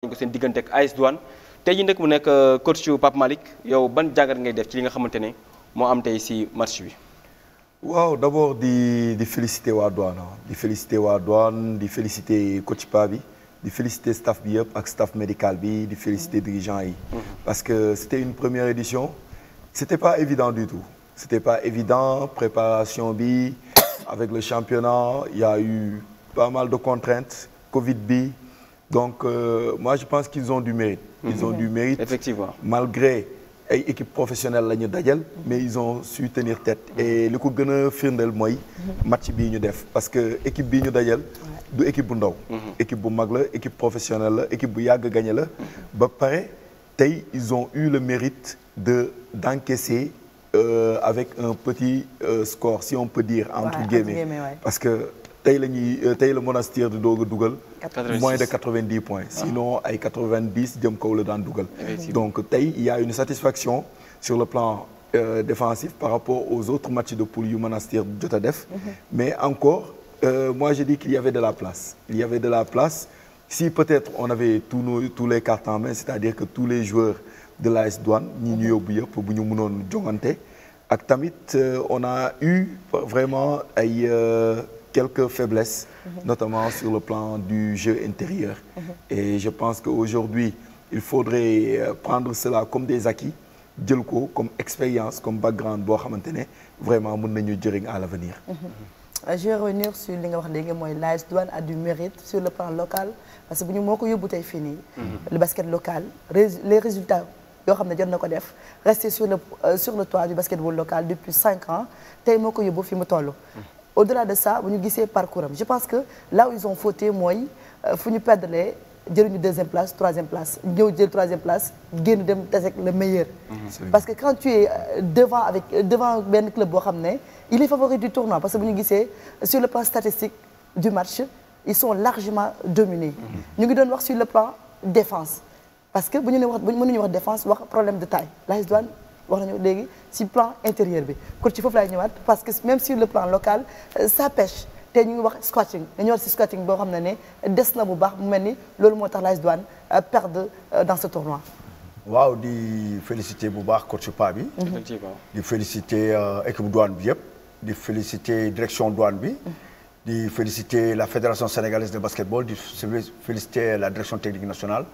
ñu seen diggante ak AS Douane tey jii nag mu nekk euh, coach Pape Malick yow ban jàngat ngay def ci li nga xamante ne moo am tey si match bi. waaw d' abord di di félicité ah. waa Douane di félicité waa Douane di félicité coach Pa bi di félicité staff bi yëpp ak staff médical bi di félicité dirigeant yi. Mm-hmm. parce que c' une première édition. c' pas évident du tout. c' pas évident préparation bi avec le championnat il a eu pas mal de contrainte Covid bi. donc euh, moi je pense qu'ils ont du mérite. ils mhm. ont du mérite effectivement malgré ay équipe professionnelle la ñu dajal. mais ils ont su tenir tête. et li ko gën a firndeel mooy. Mhm. match bi ñu def parce que équipe bii ñu dajal. du équipe bu ndaw. Mhm. équipe bu mag la équipe professionnelle la équipe bu yàgg gañe la. ba pare tey ils ont eu le mérite de d'encaisser euh, avec un petit euh, score si on peut dire. entre guillemets parce que. tey la ñuy euh, tey la monastère di doog a dugal. moins de quatre vingt dix points. Ah. sinon ay quatre vingt y a une satisfaction le plan euh, par rapport a def. Mm-hmm. mais encore euh, moi je dis qu'il y avait la place. il y avait de la être on avait tous nos les cartes en main ñu yóbbu yëpp bu ñu mënoon jongante ak tamit euh, on a quelques faiblesses, mhm. notamment sur le plan du jeu intérieur. Mhm. Et je pense qu'aujourd'hui, il faudrait euh, prendre cela comme des acquis, jël ko comme expérience, comme background boo a ne vraiment mën nañu jëriñ à l'avenir. Mhm. Euh, je vais revenir sur li nga wax léegi mooy l'AS Douane a du mérite sur le plan local parce que bu ñu moo ko yóbbu tey le basket local les résultats yoo xam ne jot na euh, sur le toit du basketball local au-delà de sa bu ñu gisee parcours am je pense que là où ils ont fauté mooy euh, fu ñu perdre jëluñu deuxième place troisième place ñëw jël génn dem tasek le meilleur. Mm-hmm. parce que quand tu es euh, devant avec euh, club boo xam ne il est favori du tournoi parce que bu ñu gisee sur le plan statistique du match ils sont largement dominés. Mm-hmm. ñu ngi doon wax sur le plan défense parce que bu ñu nee wax bu défense wax problème de taille l'AS Douanes wax nañu léegi si plan intérieur bi kon ci foofu laay ñëwaat parce que même sur le plan local euh, ça pêche te ñu wax squatting dañu wax ci squatting boo xam ne ne des na bu baax mu mel ni loolu moo tax l'AS Douanes euh, perdre euh, dans ce tournoi. waaw di féliciter bu baax coach Pa bi. Mhm. effectivement di féliciter équipe douane bi yëpp. di féliciter direction douane bi. Mhm. di féliciter la fédération sénégalaise de basketball di féliciter la direction technique nationale.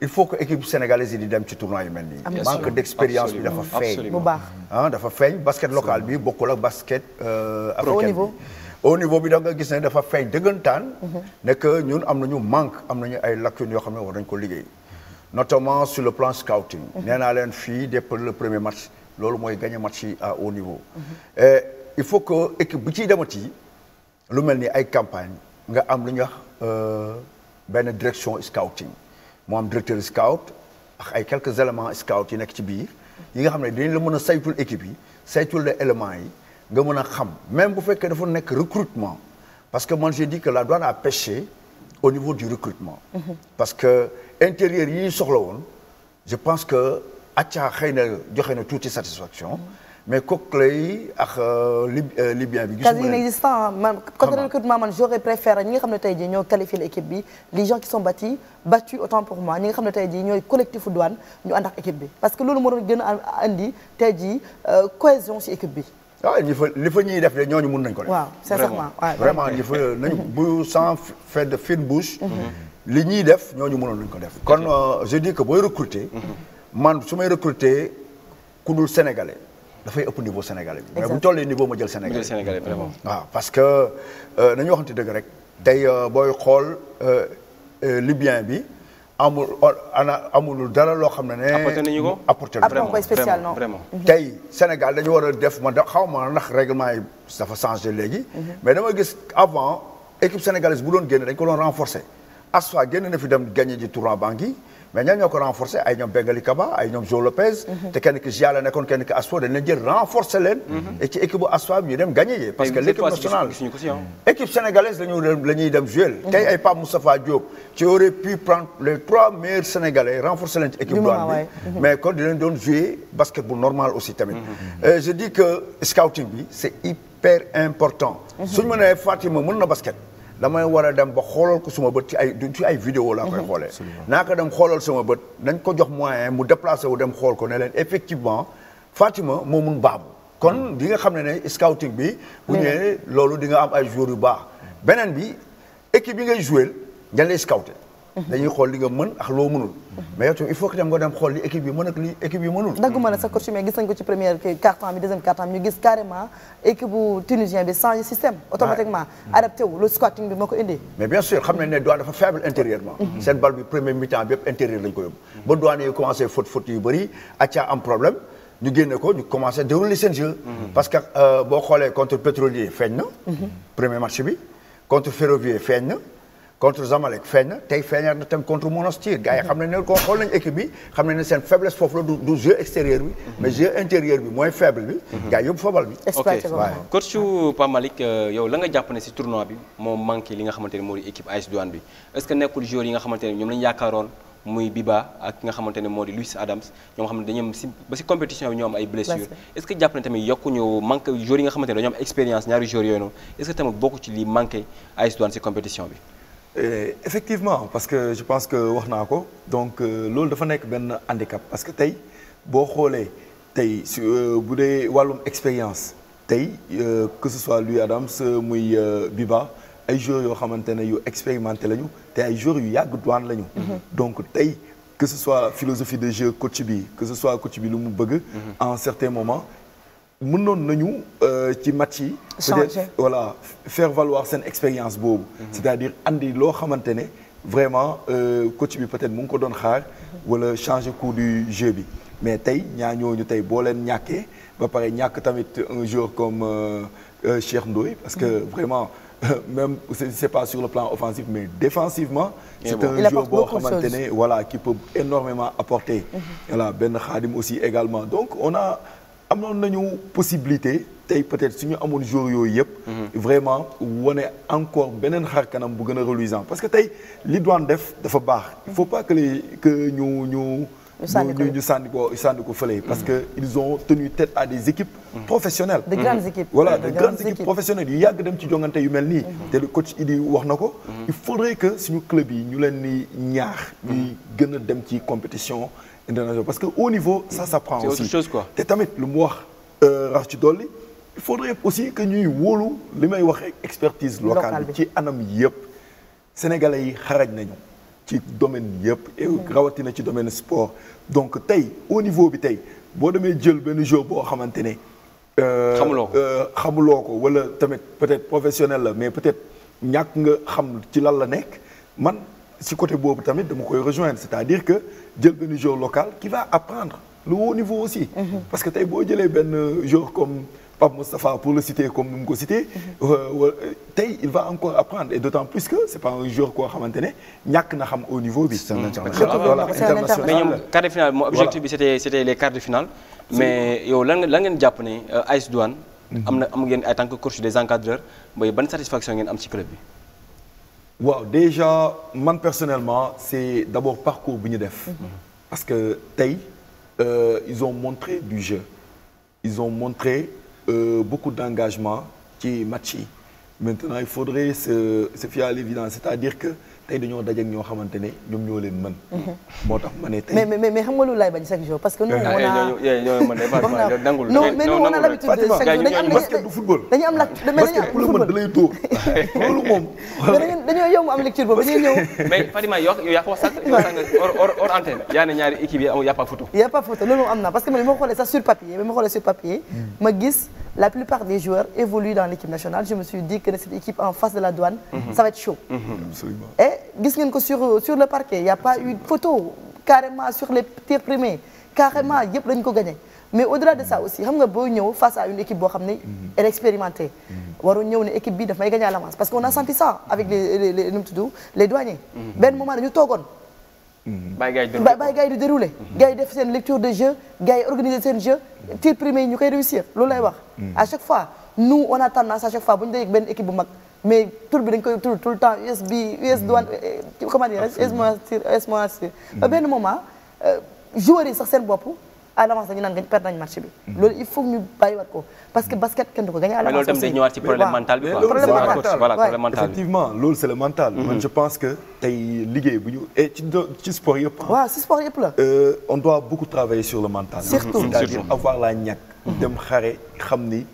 il faut que équipe sénégalaise yi di dem ci tournoi yu mel nii. manque d'expérience bi dafa feeñ. bu baax ah dafa feeñ basket local bi bokkul ak basket. Euh, africain bi au niveau bi da nga gis ne dafa feeñ dëggantaan. Mhm. ne que ñun am nañu manque am nañu ay lacunes yoo xam ne war nañu ko liggéey. notamment sur le plan scouting. Mhm. nee naa leen fii depuis le premier match loolu mooy gagner match yi à haut niveau. Mhm. et il faut que équipe bu ciy demati lu mel ni ay campagne nga am lu ñuy wax euh, benn direction scouting. moo am directeur scout ak ay quelques éléments scout yi nekk ci biir yi nga xam ne dinañ la mën a saytul équipe yi saytul la yi nga mën a xam même bu fekkee dafa nekk recrutement parce que man j'ai di que la douane a pêché au niveau du recrutement mm-hmm. parce que intérieur yi ñu soxla woon je pense que acca xëy na joxe na tuuti satisfaction mm-hmm. mais Coquelin yi ak euh, euh, Libyen bi. quasi inexistant man côté recrutement man j'aurais préféré ñi nga xam ne tey jii ñoo qualifié l'équipe bi les gens qui sont battus battus autant pour moi ñi nga xam ne tey jii ñooy collectifu douane ñu ànd ak équipe bi parce que loolu moo doon andi tey euh, cohésion ci équipe bi. waaw ah, li fa ñuy def de ñooñu mun nañ ko def. waaw sincèrement vraiment ñi fa nañu de fine bouche. Mhm. Mhm. li ñuy def ñooñu mënoon nañu ko def. kon je dis que booy recruter. Mhm. man su may recruter ku dul sénégalais. dafay ëpp niveau sénégalais mais bu ñu tollee niveau ma jël sénégalais. sénégalais vraiment. waaw parce que euh, nañu waxante dëgg rek. tey euh, booy xool euh, libyen bi. amul ana amulul dara loo xam ne ne. apporté nañu ko apporté vraiment vraiment vraiment. Mhm. tey Sénégal dañu war def ma da xaw ma ndax règlement yi dafa changé léegi. Mhm. mais dama gis avant équipe sénégalaise bu doon génne dañ ko doon renforcer. ASFA génne na fi dem gagné ji tournoi banque ma ñan ñoo ko renforcer ay ñoom Bengali Kaba ay ñoom Jo Lopez. Mhm. te kenn ki Gia la nekkoon kenn ki Asfa dañ leen jël renforcer leen. Mhm. et gagné ji. parce que l' nationale mhm. équipe sénégalaise la ñu la ñuy dem jouer. tey ay aurait pu prendre trois meilleurs sénégalais renforcer leen ci équipe. douane mais kon dinañ jouer basket bu normal aussi tamit. Euh, je dis que scouting bi c' est hyper important. suñu mënee Fatima mën na basket. damay war a dem ba xoolal ko suma bët ci ay du ci ay vidéo laa koy mhm. xoolee naa ko dem xoolal sama bët nañ ko jox moyen mu déplacé wu dem xool ko ne leen effectivement Fatima moo mun baabu kon mhm. di nga xam ne ne scouting bi bu ñëwee loolu di nga am ay joueurs yu baax beneen bi équipe yi ngay joué dañ lay scouté dañuy xool li nga mën ak loo mënul mais yow tamit il faut que tam nga dem xool li équipe bi mën ak li équipe bi mënul dagguma la sa coach mais gis nañ ko ci première quart-temps bi deuxième quart-temps bi ñu gis carrément équipe bu tunisien bi changé système automatiquement adapté wu le squatting bi moo ko indi mais bien sûr xam nañ ne Douane dafa faible intérieurement mhm. seen bal bi premier mi-temps bi yëpp intérieur lañ ko yóbbu ba Douane yi commencé faute faute yu bëri acca am problème ñu génne ko ñu commencé dérouler seen jeu mhm. parce que euh, boo xoolee contre pétrolier feeñ na mhm. premier match bi contre ferroviaire feeñ na contre Zamalek feeñ na tey feeñaat contre Monastir gars yi xam nañ ne ko xool nañ équipe bi xam nañ ne seen faiblesse foofu la du du jeu bi. mais jeu intérieur bi mooy faible bi. Mhm. gars yóbbu football bi. exploité waaw waaw. coach Pape Malick euh, yow la nga jàpp ne si tournoi bi moo manqué li nga xamante ne moo di équipe AS Douane bi est-ce que nekkul joueur yi nga xamante ne ñoom lañu yaakaaroon. muy Biba ak ki nga xamante ne moo di Luis Adams ñoo xam ne dañoo si ba si bi Euh, effectivement parce que je pense que wax naa ko donc euh, loolu dafa nekk benn handicap parce que tey boo xoolee tey su euh, bu dee wàllum expérience tey que ce soit Louis Adams muy Biba ay joueurs yoo xamante ne yu expérimenté lañu te ay joueurs yu yàgg douane lañu. Mhm. donc tey que ce soit philosophie de jeu coach bi que ce soit coach bi lu mu bëgg. Mhm. en certains moments. mënoon nañu euh, ci match yi. peut-être voilà faire valoir seen expérience boobu. Mhm. c'est-à-dire andi loo xamante ne vraiment euh, coach bi peut-être mu ngi ko doon xaar. wala changer cours du jeu bi. mais tey ñaa ñooñu tey boo leen ñàkkee ba pare ñàkk tamit un joueur comme euh, Cheikh Ndoye parce que mhm. vraiment. même c'est pas sur le plan offensif mais défensivement c'est bon. un joueur boo xamante ne voilà qui peut énormément apporter mhm. voilà benn Khadim aussi également donc on a amoon nañu possibilité tey peut-être suñu amoon jour yooyu yëpp. Mhm. vraiment wane encore beneen xar kanam bu gën a reluisant parce que tey li doon def dafa baax. il faut pas que les que ñu ñu. ñu sànni ko ñu sànni ko sànni ko fële. parce mhm. que ils ont tenu tête à des équipes. Mhm. professionnelles. de grandes équipes voilà professionnelles yu yàgg dem ci jongante yu mel nii. te le coach Idi wax na ko. il faudrait que suñu club yi ñu leen ni ñaax. ñuy gën a dem ci compétition. internationaux parce que au niveau ça s'apprend aussi c'est te tamit lu mu wax euh, rax ci dolli il yëpp aussi que ñuy wóolu li may wax expertise locale bi ci anam yëpp sénégalais yi xarañ nañu ci domaine yëpp et mm-hmm. rawatina ci domaine sport donc tey au niveau bi tey boo demee jël benn jour boo xamante ne euh, xamuloo ko euh, xamuloo ko wala tamit peut-être professionnel la mais peut-être ñàkk nga xam ci lan la nekk man si côté boobu tamit dama koy rejoindre c'est-à-dire que jël benn joueur local qui va apprendre le haut niveau aussi. Mhm. parce que tey boo jëlee benn joueur comme Pape Moustapha pour le citer comme nu ko citer. Mhm. Euh, tey il va encore apprendre et d'autant plus que c'est pas un joueur koo xamante ne ñàkk na xam au niveau bi. mais ñoom quart de finale moom objectif bi c'était les quarts de finale. mais yow lan jàpp ne euh, AS Douanes. Mhm. am na am ngeen ay tant que des encadreurs waaw déjà man personnellement c'est d'abord parcours bu ñu def. Mhm. parce que tey euh, ils ont montré du jeu. ils ont montré euh, beaucoup d'engagement ci match yi maintenant il faudrait se se à l'évidence c'est-à-dire tey dañoo dajeeg ñoo xamante ne ñoom ñoo leen mën. Mhm. moo tax ma ne tey mais mais mais xam nga lu laay bañ chaque jour parce que. nous on a non mais nous on a l'habitude dañu am basket du football. dañu am la mais dañu am football dañuy tóor loolu moom. dañoo yomb am lecture boobu dañuy ñëw. mais Fatima yow yaa ko wax sax hors antenne. yaa ne ñaari équipe yi amul y a pas photo. y a pas photo loolu moom am na parce que man bi ma xoolee sax sur papier bi ma xoolee sur papier hmm. ma gis la plupart des joueurs évoluent dans l'équipe nationale je me suis dit que cette équipe en face de la douane mm va être chaud mm gis ngeen ko sur le parquet il y a pas Absolument. une photo carrément sur les tirs primés carrément yëpp dañu ko gagné mais au-delà de ça aussi xam nga boo ñëw face à une équipe boo xam ne mhm. elle est expérimentée mhm. waroon ñëw ne équipe bi daf may gagné à l'avance parce que a senti ça avec les les nu mu tudd les douaniers mhm. benn moment Mhm. bàyyi gars yi déroulé bàyyi mhm. gars yi def seen lecture de jeu gars yi organiser seen jeu tir premier yi réussir loolu lay wax. Mhm. à chaque fois nous on a tendance à chaque fois bu ñu benn équipe bu mag mais tour bi dañ koy tout le temps US bi US douane eh, eh, comment dire US moins tir US benn moment euh, joueurs yi sax seen bopp. à l'avance dañu naan gañ perdre nañ match bi hmm. loolu il faut ñu bàyyiwaat ko parce que basket kenn du c'est le mental hmm. man je pense que tey liggéey bu ñu et ci sport yëpp euh, on doit beaucoup travailler sur le mental hmm, c'est-à-dire avoir la ñàkk dem xare xam ni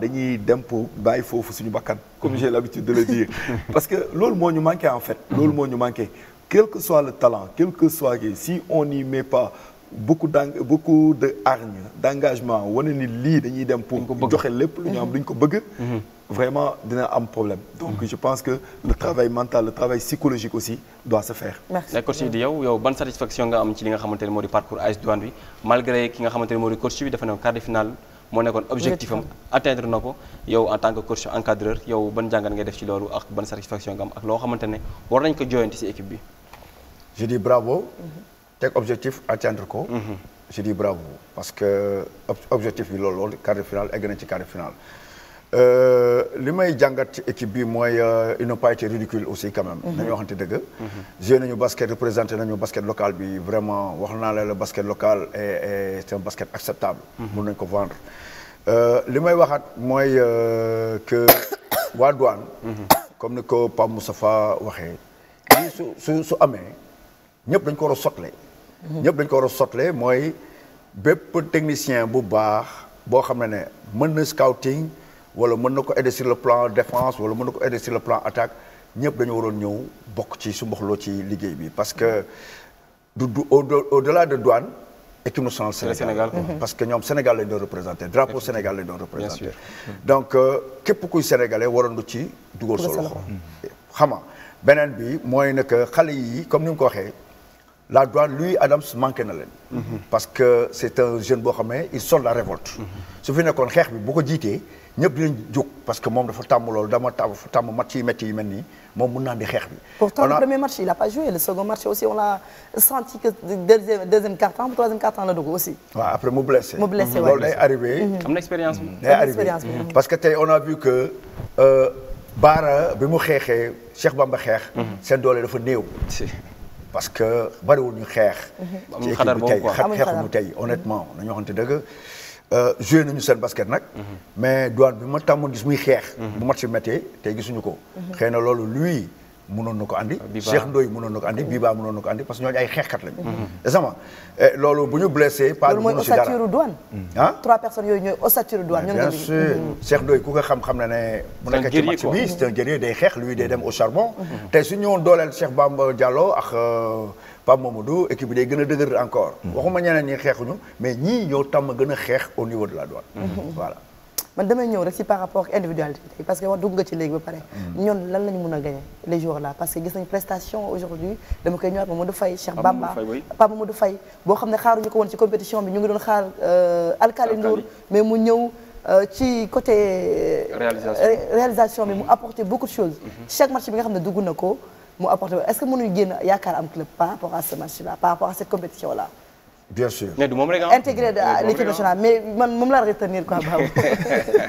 dañuy dem pour bàyyi foofu suñu bakkan comme j'ai l'habitude de le dire parce que loolu moo ñu manqué en fait loolu moo ñu manqué quel que soit le talent quel que soit si on n'y met pas beaucoup d' beaucoup de hargne d' engagement wane ni lii dañuy dem pour joxe lépp lu ñu am mhm. duñ ko bëgg mhm. vraiment dina am problème donc mhm. je pense que le travail mental le travail aussi doit se faire coach di yow yow ban satisfaction nga am ci li nga xamante ne moo di parcours AS Douane bi malgré ki nga xamante ne moo di coach bi dafa nekkoon quart de finale moo nekkoon objectif am atteindre na ko yow en tant que coach encadreur yow ban jàngat ngay def ci loolu ak ban satisfaction nga am ak loo xamante ne war nañ ko jooyanti ci teg objectif atteindre ko. Mhm. je dis bravo parce que objectif bi loolu loolu quart de finale egg nañ ci quart de finale. Euh, li may jàngat ci équipe bi mooy euh, ils n'ont pas été ridicules aussi quand même. Mhm. nañu waxante dëgg. Mhm. joué nañu basket représenté nañu basket local bi vraiment wax naa la le basket local est c'est basket acceptable. mun nañ ko vendre. Euh, li may waxaat mooy que waa douane. comme ni ko Pape Moustapha waxee. su su su amee. ñëpp dañ ko war a sotle ñëpp dañ ko war a sotle mooy bépp technicien bu baax boo xam ne ne mën na scouting wala mën na ko de sur le plan défense wala mën na ko aider sur le plan attaque ñëpp dañu waroon ñëw bokk ci su loo ci liggéey bi parce que du du au delà de douane équipe nationale Sénégal mm-hmm. parce que ñoom Sénégal lañ doon représenté drapeau Sénégal lañ doon représenté mm-hmm. donc euh, képp kuy sénégale waroon ci dugal solo xama beneen bi mooy ne xale yi comme ni nga ko waxee la douane lui Adams manqué na leen. Mhm. parce que c' est un jeune boo xam ne il sonne la révolte. Mhm. su fi nekkoon xeex bi bu ko jiitee ñëpp dinañ parce que moom dafa tàmm lool dama tàmm tàmm match yu métti yu mel nii moom mun naa di xeex bi. le premier match il a pas joué le second match aussi on a senti que deuxième deuxième quart-temps ou troisième quart-temps la dugg aussi. Mhm. parce que tey on a vu que. Euh, Baara bi mu xeexee Cheikh Bamba xeex. seen doole dafa néew. parce que bariwul ñu xeex. ci équipe bu tey xeexuñu tey honnêtement mhm. nañu waxante dëgg. Euh, joué nañu seen basket nag. Mhm. mais douane bi ma tàmmoon gis muy xeex. Mhm. bu match bi méttee tey gisuñu ko. xëy na loolu luy. mënoon na ko andi. Cheikh Ndoye mënoon na ko andi Biba mënoon na ko andi parce que ñooñu ay xeexkat lañu. Mhm. exactement eh, loolu bu ñu blessé. pas du mënu si dara loolu mooy ossature douane. Hmm. ah trois personnes yooyu ñooy ossature douane. ñoom bien sûr hmm. Cheikh Ndoye ku ko xam-xam na ne. mu nekk ci match bi c'est un guerrier day xeex lui day dem au charbon. Mhm. Hmm. te su ñu ñëwoon dooleel Cheikh Bamba Diallo ak euh, Pape Mamadou équipe bi day gën a dëgër encore. waxuma ñeneen ñi xeexuñu mais ñii ñoo tàmm gën a xeex au niveau de la douane. man damay ñëw rek si par rapport ak individualité bi parce que wax dugg nga ci léegi ba pare. Mm. ñoon lan lañu mun a gagné les jours là parce que gis nañ prestation aujourd'hui dama koy ñëwaat Mamadou Faye Cheikh Bamba Pape Mamadou Faye boo xam ne xaaruñu ko woon ci compétition bi ñu ngi doon xaar euh, Alkali Ndour mais mu ñëw euh, ci côté euh, réalisation bi mu mm-hmm. apporté beaucoup de choses mm-hmm. chaque match bi nga xam ne dugg na ko mu apporté est-ce que mënuñu génn yaakaar am club par rapport bien sûr mais ah. ah, l'équipe ah. nationale mais man moom laa retenir quoi Babou.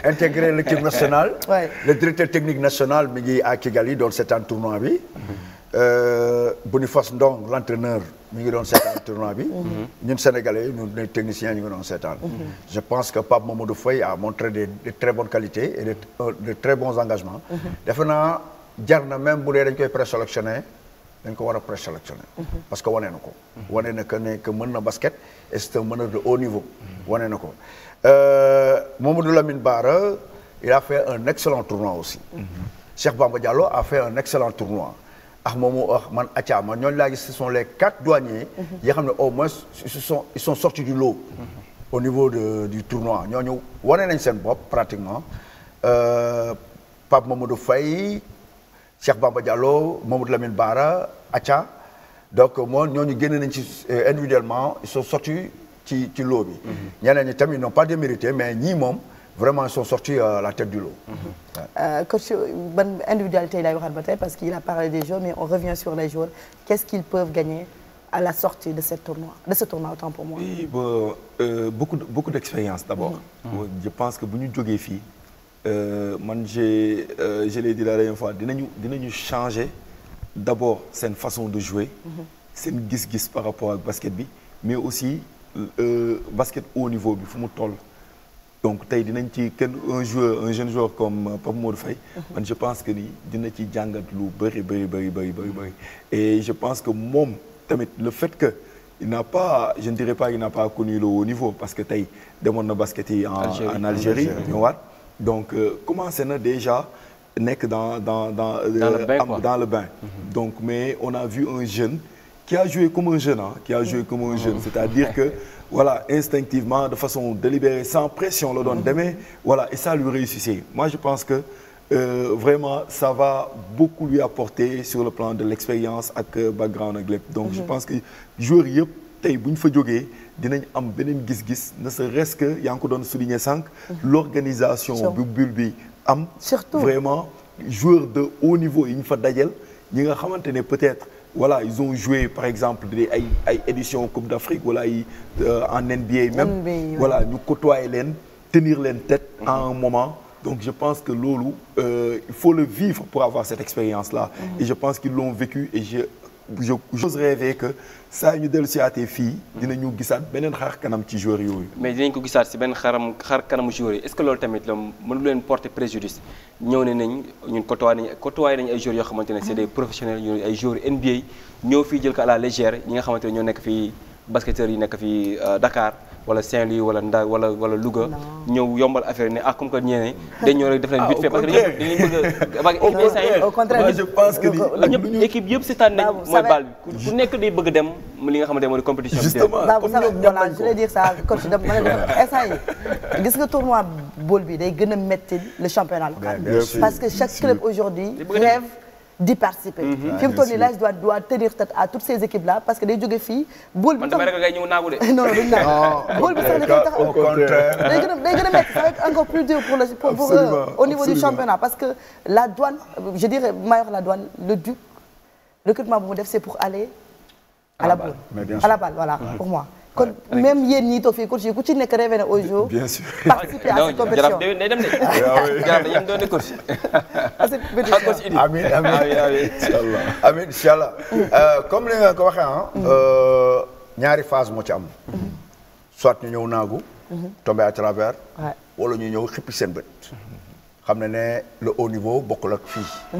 intégré l'équipe nationale. le directeur technique national mi ngi à Kigali doon seetaan tournoi bi. Mhm. Euh, Boniface Ndong l'entraîneur mi ngi doon seetaan tournoi bi. Mhm. ñun sénégalais ñun les techniciens ñu ngi doon mhm. je pense que Pape Mamadou Faye a montré des de très bonnes qualités et de euh, très bons engagements. defe naa jar na même dañ koy dañ ko war a présélectionné mhm. parce que wane na ko mhm. wane na que ne que mën na basket et c'est un meneur de haut niveau mhm. wane na ko euh, Mamadou Lamine Bara il a fait un excellent tournoi aussi Cheikh Bamba Diallo a fait un excellent tournoi ah moomu ah man Atia man ñooñu laa gis ce sont les quatre douaniers yi xam ne au moins ils sont sortis du lot au niveau du tournoi ñooñu wane nañ seen bopp pratiquement euh, Pape Mamadou Faye Cheikh Bamba Diallo Mamadou Lamine Bara Acha donc moo ñooñu génn nañ ci euh, individuellement ils sont sortis ci ci lot bi. Mhm. ñeneen ñi tamit n'ont pas démérité mais ñii moom vraiment ils sont sortis euh, à la tête du lot. Mhm. Euh, coach ban individualité lay waxaat tey parce qu'il a parlé des joueurs mais on revient sur les joueurs qu'est-ce qu'ils peuvent gagner à la sortie de ce tournoi de ce tournoi autant pour moi. oui bon euh, beaucoup beaucoup d'expérience d'abord. Mhm. je pense que bu ñu jógee fii. Euh, man j'ai euh, je l'ai dit la dernière fois dinañu dinañu changer d'abord seen façon de jouer mm-hmm. seen gis-gis par rapport ak basket bi mais aussi euh, basket haut niveau bi fu mu toll donc tey dinañ ci kenn un joueur un jeune joueur comme euh, Pape Modou Faye mm-hmm. man je pense que ni dina ci jàngat lu bëri bëri bëri bëri bëri bëri et je pense que moom tamit le fait que il n'a pas je ne dirais pas il n'a pas connu le haut niveau parce que tey demoon na basket yi en Algérie wat donc euh, commencé na déjà nekk dans dans dans. Euh, dans le bain dans le bain. Mhm. donc mais on a vu un jeune. qui a joué comme un jeune mhm. c'est-à-dire que voilà instinctivement de façon délibérée sans pression la doon mhm. demee voilà et ça lui réussissait moi je pense que euh, vraiment ça va beaucoup lui apporter sur le plan de l'expérience ak euh, background ak lépp donc je pense que joueur yëpp tey bu ñu fa jógee dinañ am beneen gis-gis ne serait-ce que yaa ngi ko doon souligner sànq. Mhm. l'organisation bu bul bi am. surtout vraiment joueur de haut niveau yi ñu fa dajel ñi nga xamante ne peut-être. voilà ils ont joué par exemple des ay ay édition Coupe d'Afrique wala voilà, ay euh, en NBA même NBA, oui. ñu côtoyer leen tenir leen tête en mhm. un moment donc je pense que loolu euh, il faut le vivre pour avoir cette expérience là mhm. et je pense qu'ils l'ont vécu et je je j'ose rêver que saa ñu dellu si fii fii dinañu gisaat beneen xar kanam ci joueur yooyu. mais dinañ ko gisaat si benn xaram xar kanamu joueur yi est-ce que loolu tamit la mënu leen porter préjudice ñëw ne nañ ñun côtoyé nañ côtoyé nañ ay joueurs yoo xamante ne c'est des professionnels ñu ay joueurs NBA ñëw fii jël ko à la ñi nga xamante ne ñoo nekk fii basketteurs yi nekk fii euh, dakaar wala Saint-Louis wala Ndar wala luga Louga. ñëw yombal affaire ne ah comme que ñeneen dañ ñëw rek def leen ah, vite fait parce a. au contraire je pense que ñëpp yëpp seetaan nañ mooy nekk day bëgg dem li nga xam ne mooy compétition bi. justement comme ñoom ñoom lañ ko je dire ça ma bool bi day gën a métti le championnat local. parce que chaque club aujourd'hui rêve di participer. Mhm. fi mu ah, toll doit doit tenir à toutes ces équipes là parce que day jóge fii. bool bi tamit non non duñu naagu. bool bi sax da contraire. day gën le niveau du championnat parce que la douane je dirais ma la douane le duc recrutement bu mu def c'est pour aller. à la balle à la balle voilà pour moi. kon même yéen ñii toog fii ku ci nekk rêvé na au jour. bien sûr participer ah à cette compétition non day ah ah mm. euh, comme ni nga ko waxee ah. ñaari phase moo ci am. Mm-hmm. soit ñu ñëw naagu. Mm-hmm. tombé à travers. wala ñu ñëw xippi seen bët. Mm-hmm. xam na ne le haut niveau bokkul ak fii.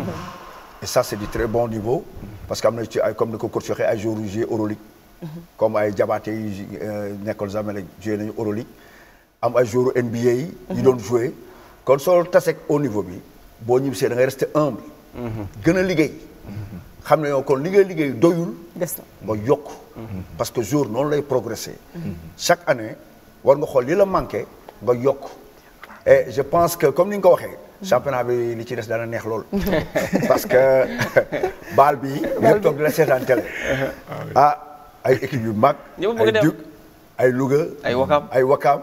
et ça c'est du très bon niveau. parce que am na ci ay comme ni ko course waxee ay jour yu comme ay jabaate yi euh, nekkoon Zamalek joué nañu Euroleague am ay joueurs NBA yi. yu doon mhm. joué kon soo taseeg au niveau bi boo ñibbisee da ngay resté humble. Mhm. gën a liggéey. Mhm. xam ne yow kon li ngay liggéey doyul. des na nga yokk. parce que jour noonu lay progresser. chaque année war nga xool li la manqué nga yokk. et je pense que comme ni nga ko waxee. championnat bi li ci des a neex lool. parce que baal bi. baal bi di la seetaan télé ah ah, ay équipe yu mag. ay Duc ay Louga. ay Wakaam ay Wakaam.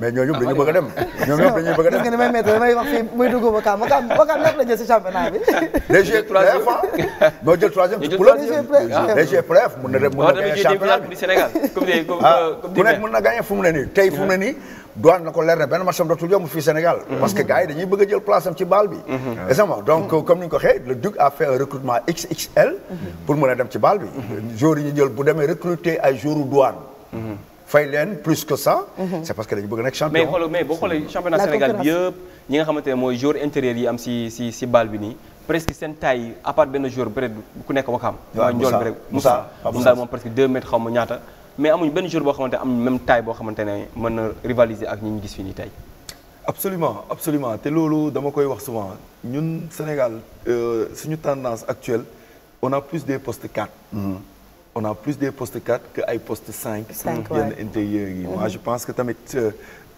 mais ñooñu dañu bëgg a dem. Ah, ñoom a dem parce que ni may météo damay wax fii muy dugg Wakaam Wakaam Wakaam ñëpp la jël si championnat bi. DG Pref ñoo jël troisième. ñu ah, mun na dem mun ah, mu ne nii tey fu mu ne nii. Douane na ko leer ne benn match am dootul yomb fii Sénégal mhm. parce que gars dañuy bëgg jël place am ci baal bi mhm. exactement donc mhm. comme ni ko waxee le Duc a fait un recrutement XXL pour mën a dem ci baal bi joueurs yi jël bu demee recruter ay joueurs Douane fay leen plus que ça c'est parce que dañu bëgg nekk championnat Sénégal bi yëpp ñi nga mooy joueur intérieur yi am si baal bi nii presque seen taille à benn joueur bi rek Moussa Moussa moom presque deux mètres xaw ma mais amuñ benn jour boo xamante am même taille boo xamante ne mën na rivaliser ak ñi ñu gis fii nii tey. absolument absolument te loolu dama koy wax souvent ñun Sénégal euh, suñu tendance actuelle on a plus des postes 4. Mmh. on a plus de postes 4 que ay postes cinq cinq waay yenn intérieur yi. moi mm-hmm. je pense que tamit euh,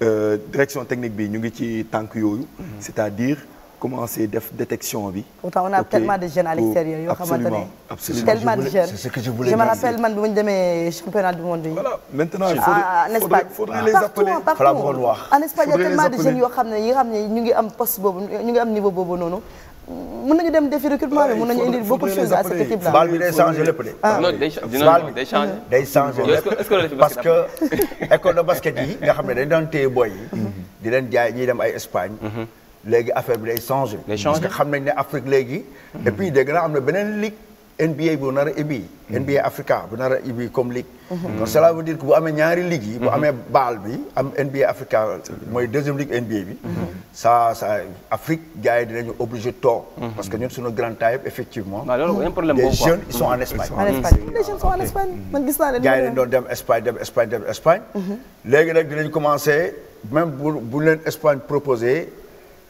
euh, direction technique bi ñu ngi ci tànk yooyu. Mm-hmm. c'est-à-dire. commencé def détection bi. pourtant on a tellement de jeunes à oh, l'extérieur yoo xamante ne tellement de jeunes. c'est ce que je voulais dire je me rappelle man bi ma ñu demee championnat du monde yi. voilà maintenant il ah, faut ah, faudrait les appeler partout en Espagne y a tellement de jeunes yoo xam ne yi nga xam ne ñu ngi am poste boobu ñu ngi am niveau boobu noonu. mën nañu dem défi recrutement bi mën nañu indi beaucoup de choses à cette équipe là. bal bi day changer lépp de. Ah. non day changer day changer lépp parce que école de basket yi nga xam ne dañu doon téye boy yi. Mhm. di leen jaay ñuy dem ay Espagne. Mhm. léegi affaire bi day changé. day changé parce que xam nañ ne Afrique léegi. et puis dégg naa am na beneen ligue. NBA bu nar a ibi. NBA Africa bu nar a ibi comme ligue. Mhm. donc cela veut dire que bu amee ñaari ligue yi. bu mhm. amee baal bi am NBA Africa mooy deuxième ligue NBA bi. Mhm. ça ça Afrique gars yi dinañu obligé toog. parce que ñun suñu grande taille effectivement. les jeunes ils sont en Espagne. les jeunes sont en Espagne. man gis naa leen gars yi dañu doon dem Espagne dem Espagne dem Espagne. léegi nag dinañ commencé même bu bu leen Espagne proposé.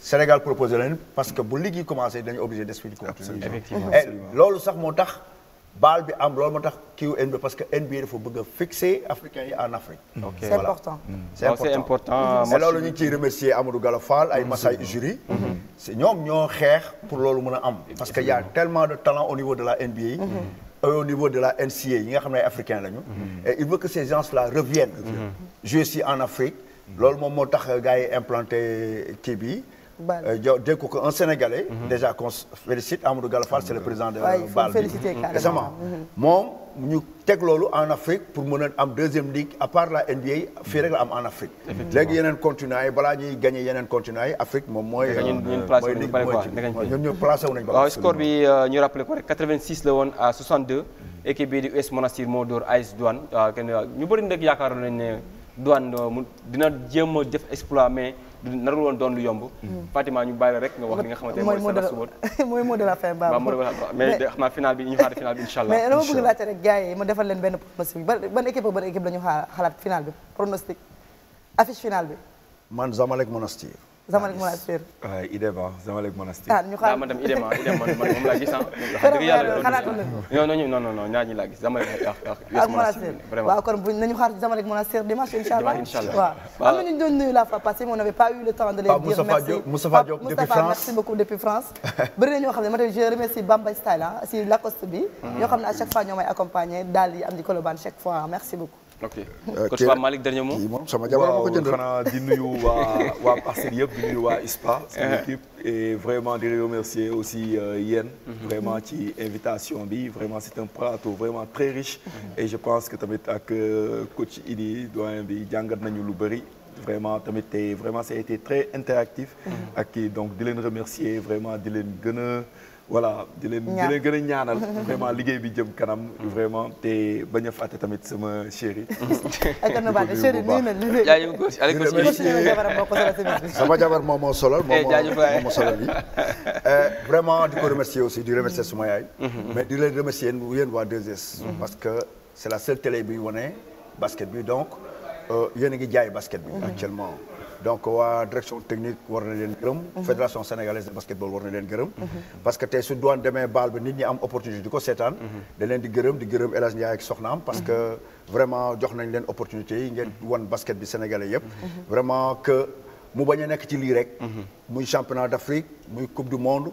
Sénégal proposé leen parce que bu liggéey commencé dañu obligé d'esprit de conclusion loolu sax moo tax baal bi am loolu moo tax kiiw NBA parce que NBA dafa bëgg a fixer africains yi en Afrique. ok c'est important hmm. c'est important. c'est loolu ñu ciy remercier Amadou Gallo Fall ay Massaï Ujiri. Hmm. c'est ñoom ñoo xeex pour loolu mën a am. parce que y a tellement de talent au niveau de la NBA yi. Hmm. au niveau de la NCA y nga xam ne ay africains lañu. et il veut que ces gens-là reviennent. loolu moom moo tax gars yi implanté kii bi. Bal yow euh, dégg ko un Sénégalais. Mhm. déjà qu'on félicite Amadou Gallo Fall c'est le président de. waay Bal bi sama mhm. mhm. moom ñu teg loolu en Afrique pour mën a am deuxième ligue à part la NBA fii rek am en Afrique. léegi yeneen continent yi balaa ñuy gagné yeneen continent yi Afrique moom mooy. Euh, ñun ñun placé wu nañu ñu placé wu nañu ba. score bi euh, ñu rappelé ko rek 86 la woon à 62. équipe bi di US Monastir moo dóor AS Douanes kenn ñu bëri nag yaakaaroon ne. duwaan mu dina jéem a def exploit mais du narul doon lu yomb. Hmm. Fatima ñu bàyyi la rek nga wax li mooy mot de fin baax mais xam naa final bi ñu xaar final bi ma defal leen benn pronostic ban ban équipe ban équipe la ñu xalaat final bi pronostic affiche final bi. man Zamalek Monastir. Zamalek monastère. waaw Idema Zamalek monastère. ah ñu xaaral ma dem Idema Idema man moom laa gis ah. dëgg yàlla non non non non ñaar ñi laa gis Zamalek ak monastère vraiment waaw kon buñ nañu xaar Zamalek monastère dimanche incha allah incha allah waaw am na ñu doon nuyu la fois passée mais on n'avait pas eu le temps de les dire merci Moustapha Diop depuis France merci beaucoup depuis France bëri na ñoo xam ne ma tey je remercie Bamba Style si Lacoste bi mhm. ñoo xam ne à chaque fois ñoo may accompagner daal yi am di Colobane chaque fois merci beaucoup ok euh, coach Pape Malick dernier mot moom sama jabar di nuyu waa waa parcelle yëpp di nuyu waa ISPA. seen uh-huh. équipe et di remercier aussi euh, yéen. Uh-huh. vraiment ci invitation bi vraiment c' est un plateau vraiment très riche. Uh-huh. et je pense que tamit ak euh, coach Idi doyen bi jàngat nañu lu bëri. vraiment tamit tey vraiment ça a été très interactif. ak donc di leen remercier vraiment di leen gën a. voilà di leen di gën a ñaanal vraiment liggéey bi jëm kanam vraiment te bañ a fàtte tamit sama chéri chéri nii na li sama jabar moom moo solal moom moo solal bi eh, eh, vraiment di ko remercier aussi di remercier suma yaay mm-hmm, mm-hmm. mais di leen remercier yéen waa 2 mm-hmm. parce que c'est la seule télé bi wane basket bi donc euh, yéen a ngi jaay basket bi actuellement donc waa direction technique war na leen gërëm mhm. fédération sénégalaise basketball war na leen gërëm mhm. parce que tey su doon demee baal ba nit ñi am opportunité di ko seetaan mhm. da leen di gërëm di gërëm El mu bañ a nekk ci lii rek muy championnat d'Afrique muy coupe du monde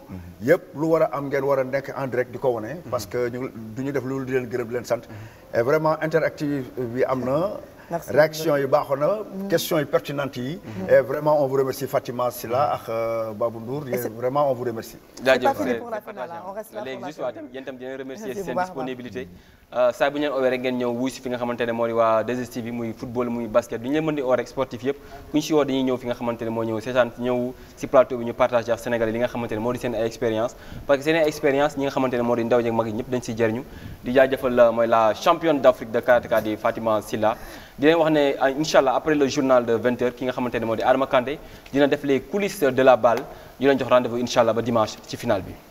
yëpp lu war a am ngeen war a nekk en direct di ko wane parce que du ñu def loolu di leen gërëm leen sant et vraiment interactive bi am na réaction yi baaxoon na question yi pertinente mhm. yi et vraiment on vous remercie Fatima Silla mhm. ak euh, Babou Ndour vraiment on vous remercie. jaajëf léegi juste waaw yéen itam dinañ remercier seen disponibilité Euh, saa bu ñeen oowee rek ngeen ñëw wuy fi nga xamante moo di waa 2STV bi muy football muy basket du ñu leen mën di oo rek yëpp ku ñu si woo dañuy ñëw fi nga xamante ne moo ñëw seetaan ñëw si plateau bi ñu partage ak di seen ay parce que seen ay ñi nga xamante moo di ndaw ñeeg mag yi dañ si jëriñu di jaajëfal euh, mooy la championne d'Afrique de karatéka di Fatima Silla di leen wax ne euh, incha allah après le journal de 20 heures ki nga xamante moo di Adama Kanté dina la balle ñu bi